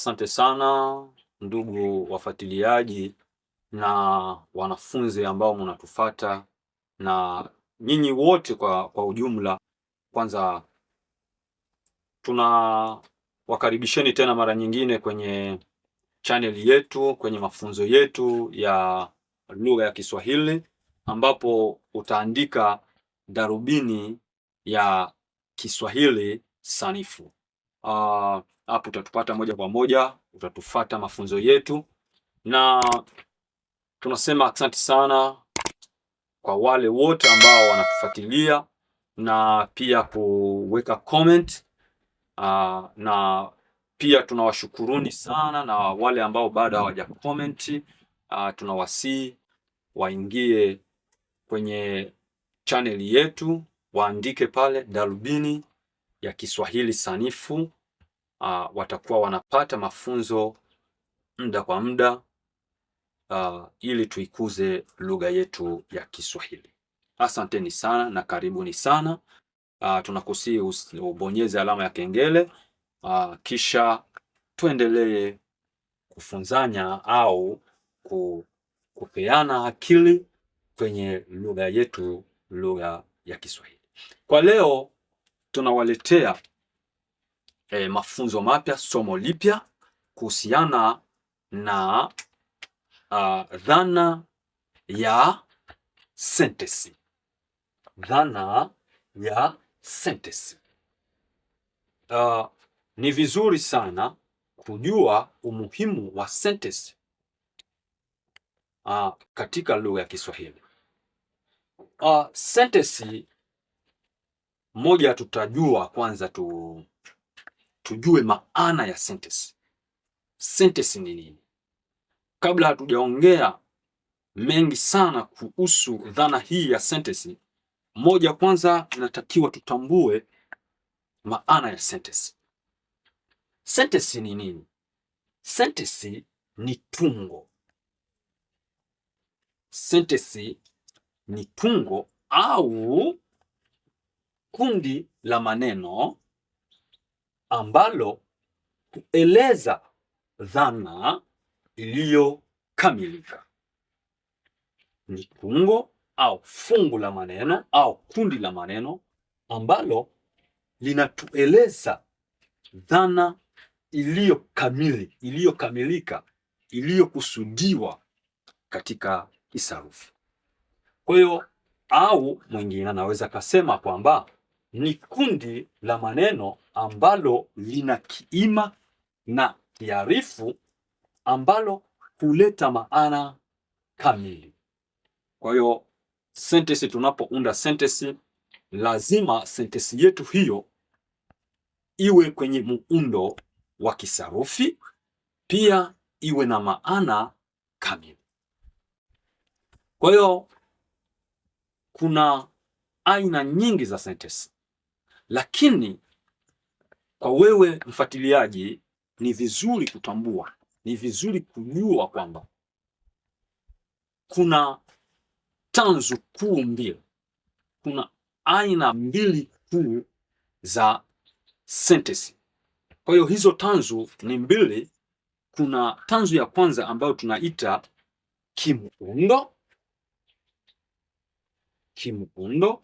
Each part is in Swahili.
Asante sana ndugu wafuatiliaji na wanafunzi ambao mnatufata na nyinyi wote kwa, kwa ujumla. Kwanza tunawakaribisheni tena mara nyingine kwenye chaneli yetu kwenye mafunzo yetu ya lugha ya Kiswahili ambapo utaandika darubini ya Kiswahili sanifu. Ah, hapo utatupata moja kwa moja, utatufata mafunzo yetu, na tunasema asante sana kwa wale wote ambao wanatufuatilia na pia kuweka comment uh, na pia tunawashukuruni sana, na wale ambao bado hawaja comment uh, ah, tunawasii waingie kwenye chaneli yetu waandike pale Darubini ya Kiswahili sanifu uh, watakuwa wanapata mafunzo muda kwa muda uh, ili tuikuze lugha yetu ya Kiswahili. Asanteni sana na karibuni sana. Uh, tunakusihi ubonyeze alama ya kengele uh, kisha tuendelee kufunzanya au kupeana akili kwenye lugha yetu, lugha ya Kiswahili. Kwa leo tunawaletea e, mafunzo mapya, somo lipya kuhusiana na uh, dhana ya sentensi, dhana ya sentensi. Uh, ni vizuri sana kujua umuhimu wa sentensi uh, katika lugha ya Kiswahili. Uh, sentensi moja, tutajua kwanza tu, tujue maana ya sentence. Sentence ni nini? Kabla hatujaongea mengi sana kuhusu dhana hii ya sentence, moja kwanza inatakiwa tutambue maana ya sentence. Sentence ni nini? Sentence ni tungo. Sentence ni tungo au kundi la maneno ambalo hueleza dhana iliyokamilika. Ni kungo au fungu la maneno au kundi la maneno ambalo linatueleza dhana iliyo kamili, iliyokamilika, iliyokusudiwa katika kisarufi. Kwa hiyo, au mwingine anaweza akasema kwamba ni kundi la maneno ambalo lina kiima na kiarifu ambalo huleta maana kamili. Kwa hiyo sentensi, tunapounda sentensi, lazima sentensi yetu hiyo iwe kwenye muundo wa kisarufi, pia iwe na maana kamili. Kwa hiyo kuna aina nyingi za sentensi. Lakini kwa wewe mfuatiliaji, ni vizuri kutambua, ni vizuri kujua kwamba kuna tanzu kuu mbili, kuna aina mbili kuu za sentensi. Kwa hiyo hizo tanzu ni mbili. Kuna tanzu ya kwanza ambayo tunaita kimuundo, kimuundo.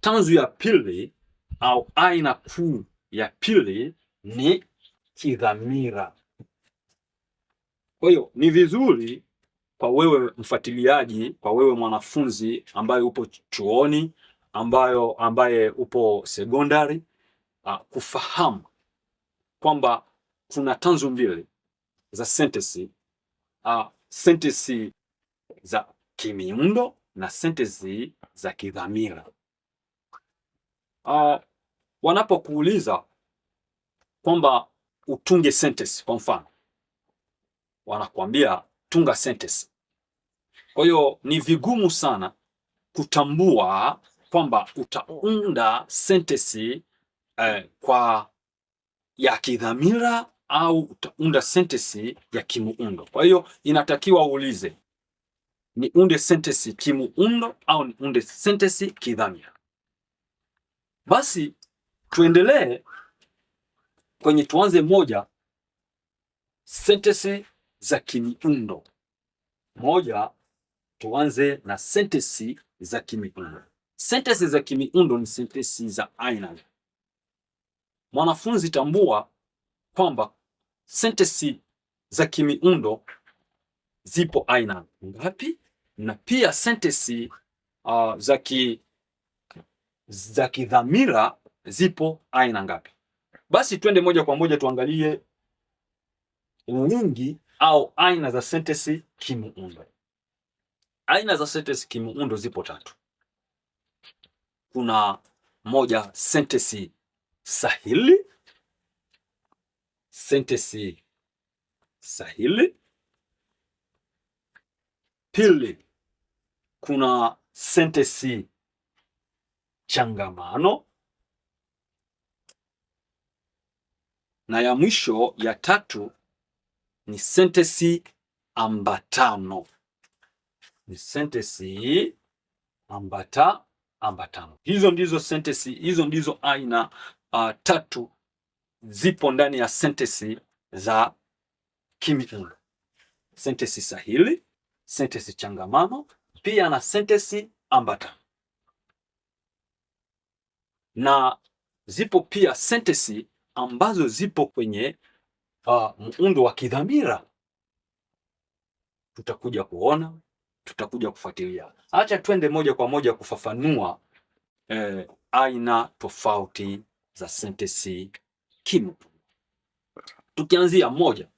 Tanzu ya pili au aina kuu ya pili ni kidhamira. Kwa hiyo ni vizuri kwa wewe mfuatiliaji, kwa wewe mwanafunzi ambaye upo chuoni, ambayo ambaye upo sekondari uh, kufahamu kwamba kuna tanzu mbili za sentensi uh, sentensi za kimiundo na sentensi za kidhamira uh, wanapokuuliza kwamba utunge sentence kwa mfano, wanakuambia tunga sentence. Kwa hiyo ni vigumu sana kutambua kwamba utaunda sentence eh, kwa ya kidhamira au utaunda sentence ya kimuundo. Kwa hiyo inatakiwa uulize ni unde sentence kimuundo au ni unde sentence kidhamira? Basi Tuendelee kwenye, tuanze moja, sentensi za kimiundo moja. Tuanze na sentensi za kimiundo. Sentensi za kimiundo ni sentensi za aina. Mwanafunzi, tambua kwamba sentensi za kimiundo zipo aina ngapi, na pia sentensi uh, za ki za kidhamira zipo aina ngapi? Basi twende moja kwa moja tuangalie wingi au aina za sentensi kimuundo. Aina za sentensi kimuundo zipo tatu. Kuna moja, sentensi sahili, sentensi sahili. Pili, kuna sentensi changamano na ya mwisho ya tatu ni sentensi ambatano, ni sentensi ambata ambatano. Hizo ndizo sentensi, hizo ndizo aina uh, tatu zipo ndani ya sentensi za kimiundo: sentensi sahili, sentensi changamano pia na sentensi ambatano, na zipo pia sentensi ambazo zipo kwenye uh, muundo wa kidhamira. Tutakuja kuona, tutakuja kufuatilia. Acha twende moja kwa moja kufafanua eh, aina tofauti za sentensi kimu, tukianzia moja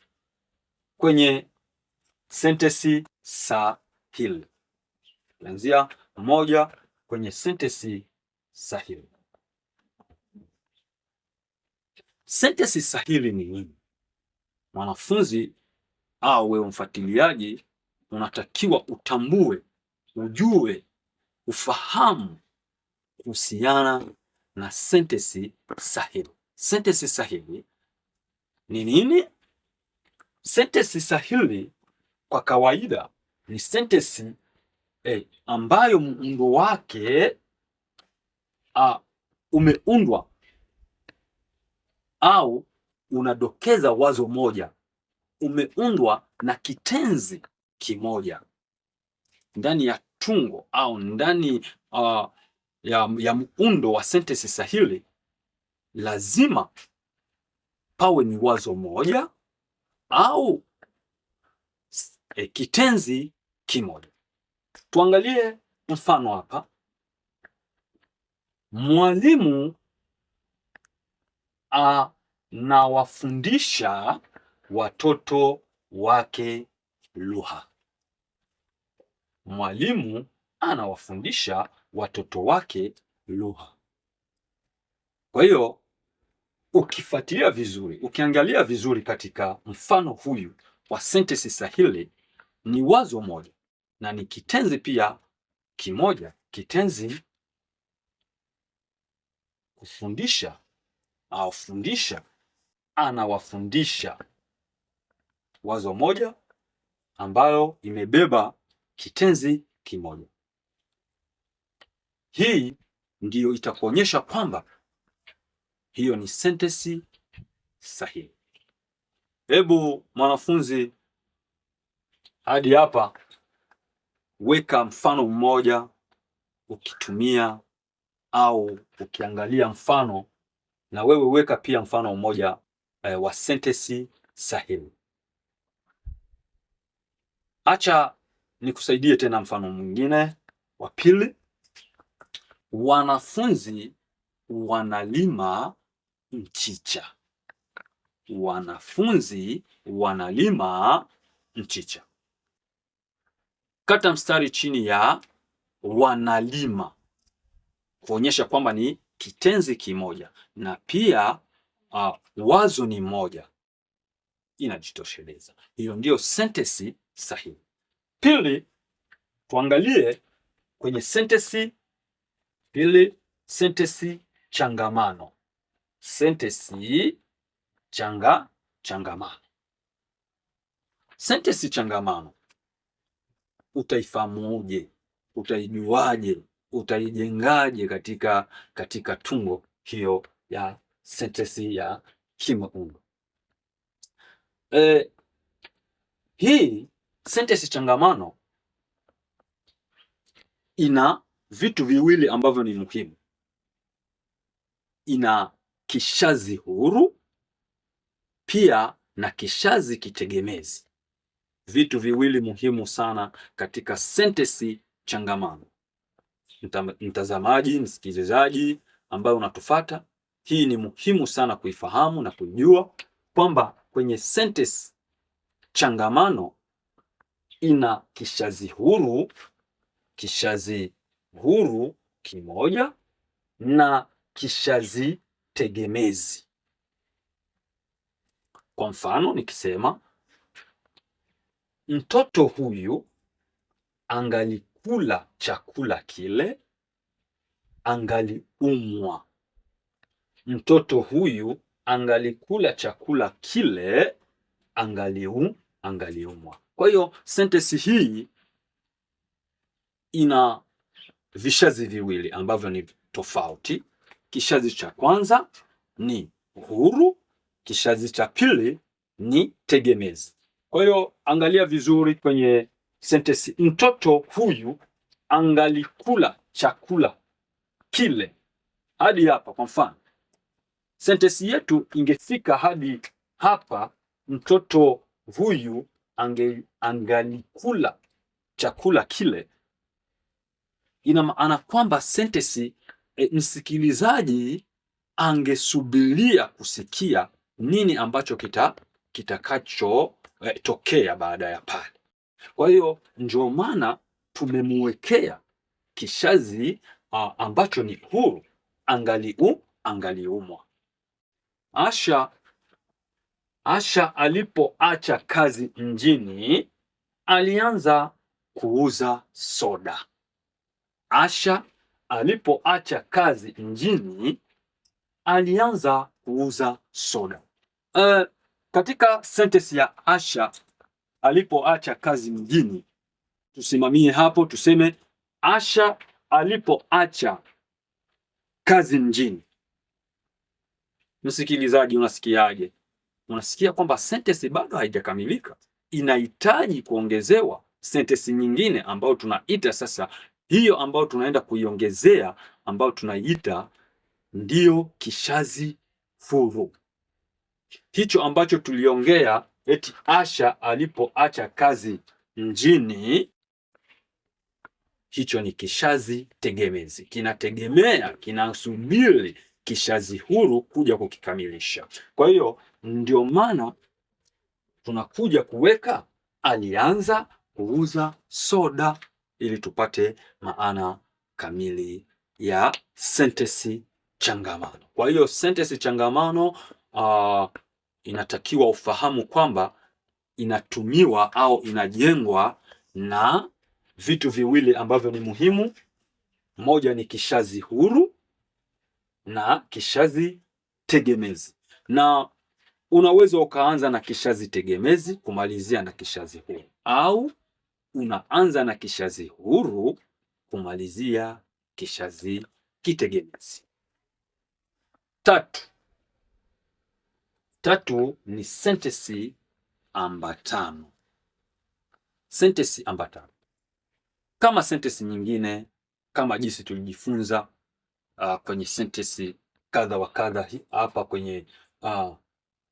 kwenye sentensi sahili, tukianzia moja kwenye sentensi sahili. Sentensi sahili ni nini? Mwanafunzi au wewe mfuatiliaji, unatakiwa utambue, ujue, ufahamu kuhusiana na sentensi sahili Sentensi sahili ni nini? Sentensi sahili kwa kawaida ni sentensi eh, ambayo muundo wake a, ah, umeundwa au unadokeza wazo moja, umeundwa na kitenzi kimoja ndani ya tungo au ndani uh, ya, ya muundo wa sentensi sahili, lazima pawe ni wazo moja au e, kitenzi kimoja. Tuangalie mfano hapa. Mwalimu a uh, na wafundisha watoto wake lugha. Mwalimu anawafundisha watoto wake lugha. Kwa hiyo ukifuatilia vizuri, ukiangalia vizuri katika mfano huyu wa sentensi sahili, ni wazo moja na ni kitenzi pia kimoja, kitenzi kufundisha au fundisha anawafundisha wazo moja ambayo imebeba kitenzi kimoja. Hii ndiyo itakuonyesha kwamba hiyo ni sentensi sahihi. Hebu mwanafunzi, hadi hapa weka mfano mmoja ukitumia au ukiangalia mfano, na wewe weka pia mfano mmoja eh, wa sentensi sahihi. Acha nikusaidie tena mfano mwingine wa pili. Wanafunzi wanalima mchicha. Wanafunzi wanalima mchicha. Kata mstari chini ya wanalima kuonyesha kwamba ni kitenzi kimoja, na pia uh, wazo ni moja, inajitosheleza. Hiyo ndiyo sentensi sahihi. Pili, tuangalie kwenye sentensi pili, sentensi changamano. Sentensi changa changamano, sentensi changamano utaifahamuje? Utaijuaje? Utaijengaje katika katika tungo hiyo ya sentensi ya Kim Un. E, hii sentensi changamano ina vitu viwili ambavyo ni muhimu. Ina kishazi huru pia na kishazi kitegemezi, vitu viwili muhimu sana katika sentensi changamano. Mtazamaji, msikilizaji ambaye unatufata hii ni muhimu sana kuifahamu na kujua kwamba kwenye sentence changamano ina kishazi huru, kishazi huru kimoja na kishazi tegemezi. Kwa mfano nikisema mtoto huyu angalikula chakula kile, angaliumwa mtoto huyu angalikula chakula kile angaliu angaliumwa. Kwa hiyo sentensi hii ina vishazi viwili ambavyo ni tofauti. Kishazi cha kwanza ni huru, kishazi cha pili ni tegemezi. Kwa hiyo angalia vizuri kwenye sentensi, mtoto huyu angalikula chakula kile. Hadi hapa, kwa mfano Sentensi yetu ingefika hadi hapa, mtoto huyu ange, angalikula chakula kile. Ina maana kwamba sentensi e, msikilizaji angesubiria kusikia nini ambacho kita kitakachotokea eh, e, baada ya pale. Kwa hiyo ndio maana tumemwekea kishazi a, ah, ambacho ni huru angaliu angaliumwa Asha Asha alipoacha kazi mjini, alianza kuuza soda. Asha alipoacha kazi mjini, alianza kuuza soda. Uh, katika sentensi ya Asha alipoacha kazi mjini, tusimamie hapo, tuseme Asha alipoacha kazi mjini msikilizaji, unasikiaje? Unasikia kwamba sentensi bado haijakamilika, inahitaji kuongezewa sentensi nyingine ambayo tunaita sasa, hiyo ambayo tunaenda kuiongezea, ambayo tunaiita ndiyo kishazi furu, hicho ambacho tuliongea eti Asha alipoacha kazi mjini, hicho ni kishazi tegemezi, kinategemea, kinasubiri kishazi huru kuja kukikamilisha. Kwa hiyo ndio maana tunakuja kuweka alianza kuuza soda ili tupate maana kamili ya sentensi changamano. Kwa hiyo sentensi changamano uh, inatakiwa ufahamu kwamba inatumiwa au inajengwa na vitu viwili ambavyo ni muhimu. Moja ni kishazi huru na kishazi tegemezi, na unaweza ukaanza na kishazi tegemezi kumalizia na kishazi huru, au unaanza na kishazi huru kumalizia kishazi kitegemezi. Tatu, tatu ni sentensi ambatano. Sentensi ambatano kama sentensi nyingine, kama jinsi tulijifunza uh, kwenye sentensi kadha wa kadha hapa kwenye uh,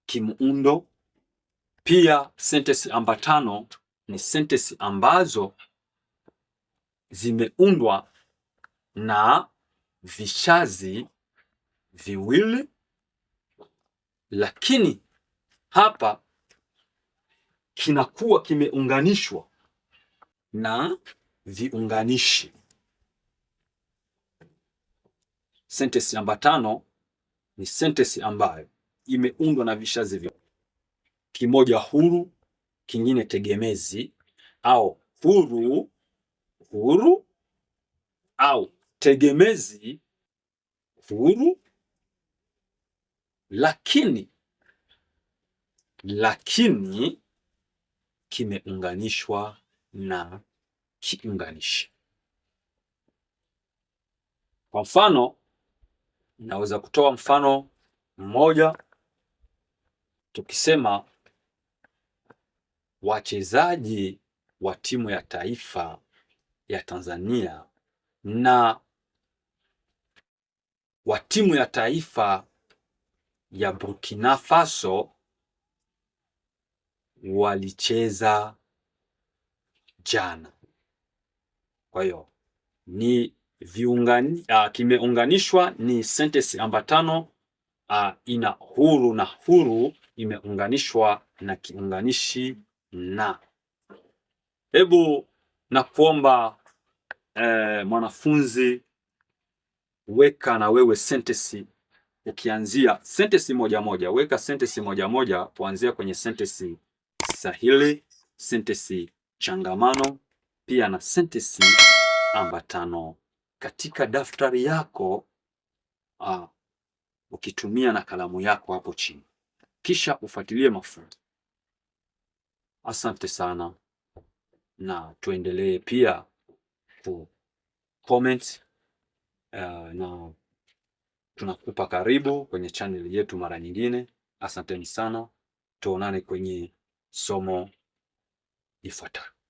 kimuundo. Pia sentensi ambatano ni sentensi ambazo zimeundwa na vishazi viwili, lakini hapa kinakuwa kimeunganishwa na viunganishi. sentence namba tano ni sentence ambayo imeundwa na vishazi vya kimoja huru, kingine tegemezi au huru huru au tegemezi huru, lakini lakini kimeunganishwa na kiunganishi. Kwa mfano Naweza kutoa mfano mmoja tukisema wachezaji wa timu ya taifa ya Tanzania na wa timu ya taifa ya Burkina Faso walicheza jana. Kwa hiyo ni viungani, uh, ah, kimeunganishwa ni sentensi ambatano uh, ah, ina huru na huru imeunganishwa na kiunganishi na. Hebu na kuomba eh, mwanafunzi weka na wewe sentensi ukianzia sentensi moja moja, weka sentensi moja moja kuanzia kwenye sentensi sahili, sentensi changamano, pia na sentensi ambatano katika daftari yako uh, ukitumia na kalamu yako hapo chini, kisha ufuatilie mafunzo. Asante sana, na tuendelee pia ku comment uh, na tunakupa karibu kwenye channel yetu mara nyingine. Asanteni sana, tuonane kwenye somo ifuatayo.